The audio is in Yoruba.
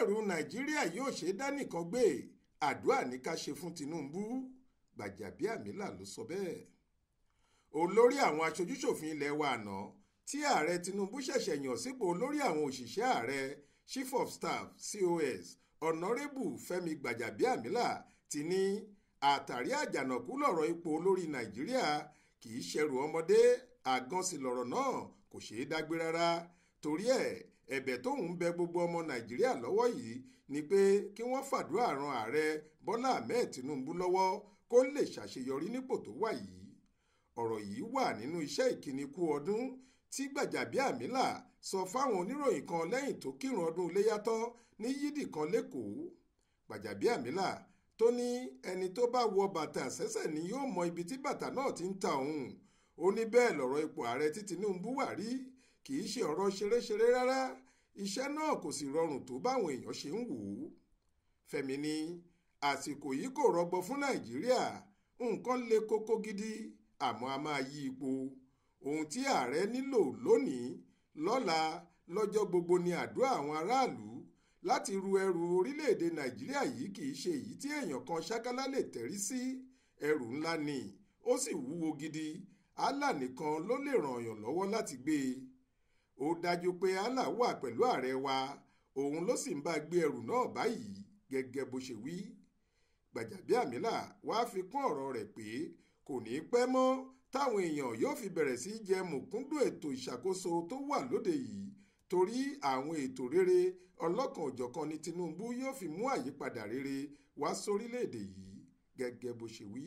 ẹrù nàìjíríà yóò ṣe dánìkan gbé àdúrà ní ká ṣe fún Tinubu Gbàjàbíàmílà ló sọ bẹ́ẹ̀ olórí àwọn aṣojúṣòfin ilé wa àná tí ààrẹ Tinubu ṣẹ̀ṣẹ̀ yàn sípò olórí àwọn òṣìṣẹ́ ààrẹ chief of staff COS ọ̀nàrẹ́bù Fẹ́mi Gbàjàbíàmílà ti ní àtàrí àjànàkú lọ̀rọ̀ ipò olórí nàìjíríà kì í ṣẹrù ọmọdé àgànsí lọ̀rọ̀ náà kò ṣeé dágbé rárá torí ẹ̀ ẹ̀bẹ̀ tóun bẹ gbogbo ọmọ nàìjíríà lọ́wọ́ yìí ni pé kí wọ́n fàdúrà ran ààrẹ bọ́lá ahmed tinubu lọ́wọ́ kó lè ṣàṣeyọrí nípò tó wà yìí ọ̀rọ̀ yìí wà nínú iṣẹ́ ìkíni kú ọdún tí gbàjàbíàmílà sọ fáwọn oníròyìn kan lẹ́yìn tó kírun ọdún iléyá tán ní yídì kan lẹ́kọ̀ọ́ gbàjàbíàmílà tó ní ẹni tó bá wọ bàtà sẹ́sẹ̀ ni yóò mọ ibi tí bàtà náà ti ń ta òun ó ní bẹ́ẹ̀ lọ̀rọ̀ ipò ààrẹ tí tinubu wà rí kì í ṣe ọ̀rọ̀ ṣeréṣeré rárá iṣẹ́ náà kò sì rọrùn tó báwọn èèyàn ṣe ń wò ó Fẹ́mi ní àsìkò yìí kò rọgbọ fún Nàìjíríà nǹkan le koko gidi àmọ́ a máa yí ipò ohun tí ààrẹ nílò lónìí lọ́la lọ́jọ́ gbogbo ni àdúrà àwọn aráàlú láti ru ẹrù orílẹ̀-èdè Nàìjíríà yìí kì í ṣe èyí tí èèyàn kan ṣákálá lè tẹ̀rí sí ẹrù ńlá ni ó sì wúwo gidi Allah nìkan ló lè ràn yàn lọ́wọ́ láti gbé e ó dájú pé allah wà pẹ̀lú ààrẹ wa òun ló sì ń bá gbé ẹrù náà báyìí gẹ́gẹ́ bó ṣe wí gbàjàbíàmílà wàá fi kún ọ̀rọ̀ rẹ̀ pé kò ní pẹ́ mọ́ táwọn èèyàn yóò fi bẹ̀rẹ̀ sí í jẹ mùkúndùn ètò ìṣàkóso tó wà lóde yìí torí àwọn ètò rere ọlọ́kan òjọ̀kan ni Tinubu yóò fi mú àyípadà rere wá sórílẹ̀ yìí gẹ́gẹ́ bó ṣe wí